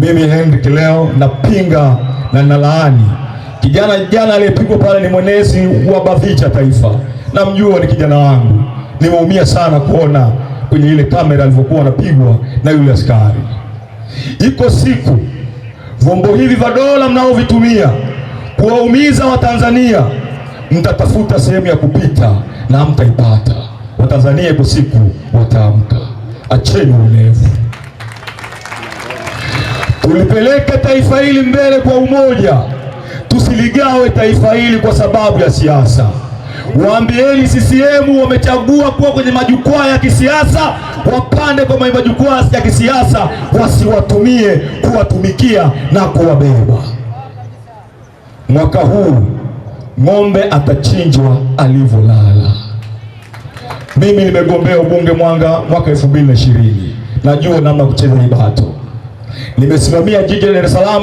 Mimi Henrick leo napinga na nalaani kijana jana aliyepigwa pale, ni mwenezi wa Bavicha Taifa, namjua, ni kijana wangu. Nimeumia sana kuona kwenye ile kamera alivyokuwa anapigwa na yule askari. Iko siku vyombo hivi vya dola mnaovitumia kuwaumiza Watanzania mtatafuta sehemu ya kupita na mtaipata. Watanzania iko siku wataamka. Acheni uonevu tulipeleke taifa hili mbele kwa umoja, tusiligawe taifa hili kwa sababu ya siasa. Waambieni CCM wamechagua kuwa kwenye majukwaa ya kisiasa, wapande kwa majukwaa ya kisiasa, wasiwatumie kuwatumikia na kuwabeba. Mwaka huu ng'ombe atachinjwa alivyolala. Mimi nimegombea ubunge Mwanga mwaka 2020 najua namna kucheza ibato nimesimamia jiji la Dar es Salaam.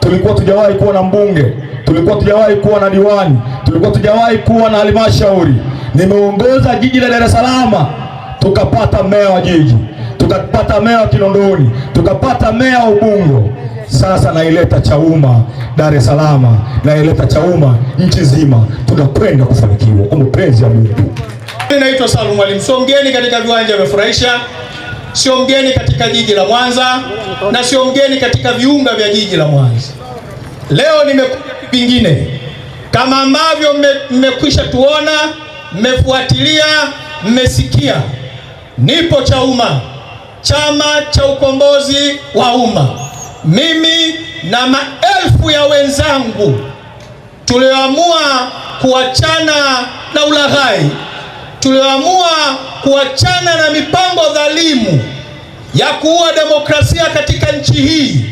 Tulikuwa tujawahi kuwa na mbunge, tulikuwa tujawahi kuwa na diwani, tulikuwa tujawahi kuwa na halmashauri. Nimeongoza jiji la Dar es Salaam, tukapata meya wa jiji, tukapata meya wa Kinondoni, tukapata meya wa Ubungo. Sasa naileta CHAUMMA Dar es Salaam, naileta CHAUMMA nchi nzima, tunakwenda kufanikiwa kwa mapenzi ya Mungu. Naitwa Salum Mwalimu, songeni katika viwanja vya furahisha sio mgeni katika jiji la Mwanza na sio mgeni katika viunga vya jiji la Mwanza. Leo nimekuja kipingine, kama ambavyo mmekwisha tuona, mmefuatilia, mmesikia, nipo umma Chama cha Ukombozi wa Umma. Mimi na maelfu ya wenzangu tulioamua kuachana na ulaghai tulioamua kuachana na mipango dhalimu ya kuua demokrasia katika nchi hii,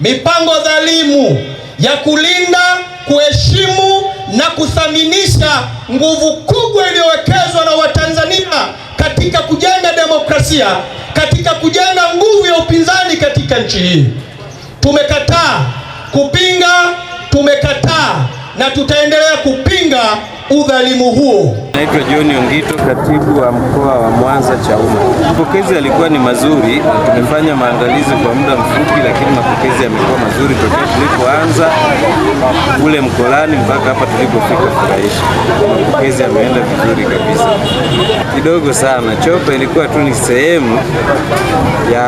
mipango dhalimu ya kulinda, kuheshimu na kuthaminisha nguvu kubwa iliyowekezwa na Watanzania katika kujenga demokrasia, katika kujenga nguvu ya upinzani katika nchi hii. Tumekataa kupinga, tumekataa na tutaendelea kupinga udhalimu huo. Naitwa John Ongito, katibu wa mkoa wa Mwanza Chauma. Mapokezi yalikuwa ni mazuri na tumefanya maandalizi kwa muda mfupi, lakini mapokezi yamekuwa mazuri tokea tulipoanza kule Mkolani mpaka hapa tulipofika Furahisha. Mapokezi yameenda vizuri kabisa. Kidogo sana chopa ilikuwa tu ni sehemu ya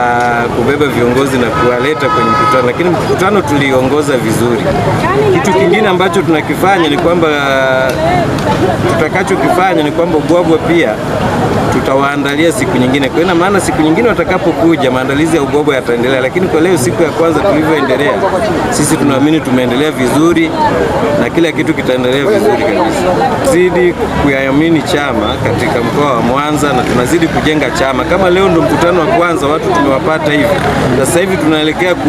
kubeba viongozi na kuwaleta kwenye mkutano, lakini mkutano tuliongoza vizuri. Kitu kingine ambacho tunakifanya ni kwamba tutakachokifanya kufanya ni kwamba Ugwagwa pia tutawaandalia siku nyingine, kwa ina maana siku nyingine watakapokuja, maandalizi ya Ugwagwa yataendelea, lakini kwa leo, siku ya kwanza tulivyoendelea, sisi tunaamini tumeendelea vizuri na kila kitu kitaendelea vizuri kabisa. Zidi kuyaamini chama katika mkoa wa Mwanza na tunazidi kujenga chama. Kama leo ndo mkutano wa kwanza watu tumewapata hivi, sasa hivi tunaelekea ku,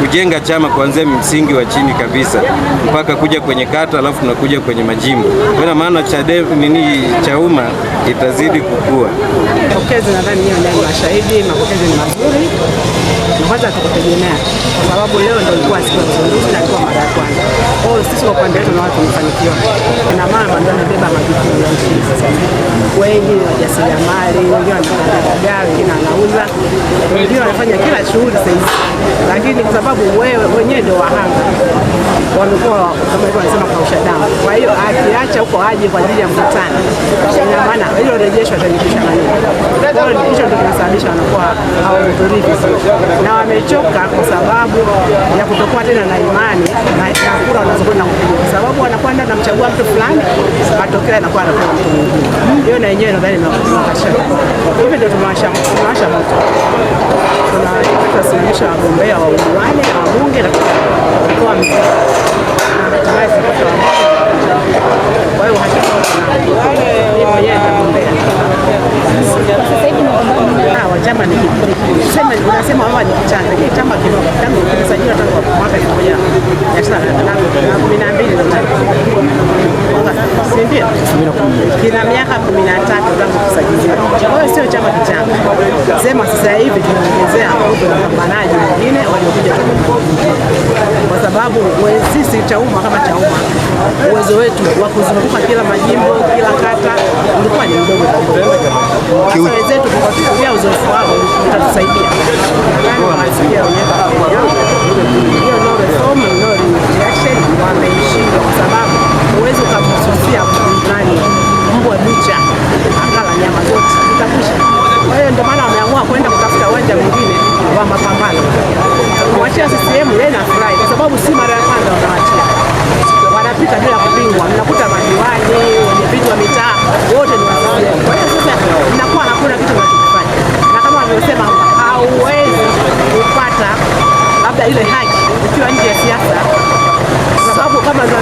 kujenga chama kuanzia msingi wa chini kabisa mpaka kuja kwenye kata, alafu tunakuja kwenye majimbo, kwa maana cha umma itazidi kukua. Mapokezi nadhani hiyo ni mashahidi, mapokezi ni mazuri na kwanza tukutegemea kwa sababu leo ndio ilikuwa siku ya uzinduzi na ilikuwa mara ya kwanza. Kwa hiyo sisi kwa upande wetu naona tumefanikiwa, Ina maana ndio anabeba majukumu ya nchi sasa. Wengi ni wajasiriamali, wengi wanafanya biashara, wengine wanauza, wengine wanafanya kila shughuli sasa lakini kwa sababu wewe wenyewe ndio wahanga, wamekuwa kama hivyo wanasema kwa ushadamu. Kwa hiyo akiacha huko aje kwa ajili ya mkutano sana, ina maana hilo rejesho atanikisha nani? Hicho ndio kinasababisha wanakuwa hawahudhurii vizuri na wamechoka, kwa sababu ya kutokuwa tena na imani na kura wanazokwenda kupiga, kwa sababu wanakwenda namchagua mtu fulani, matokeo yanakuwa anakuwa mtu mwingine. Hiyo na yenyewe nadhani nawakasha hivi ndio tumewasha moto. Tunataka tuwasimamisha wagombea wa udiwani na wabunge na mkoa mzima. changa, lakini chama kidogo tangu kimesajiliwa tangu mwaka elfu moja mia tisa na kumi na mbili si ndio? Kina miaka kumi na tatu tangu kusajiliwa. Kwa hiyo sio chama kichanga, sema sasa hivi tunaongezea wapambanaji wengine waliokuja kwa sababu sisi CHAUMMA kama CHAUMMA uwezo wetu wa kuzunguka kila majimbo kila kata ulikuwa ni mdogo. Wenzetu kwa uzoefu wao utatusaidia wote ni Waswahili. Kwa hiyo sasa inakuwa hakuna kitu unachofanya, na kama wanavyosema hauwezi kupata labda ile haki ukiwa nje ya siasa, sababu kama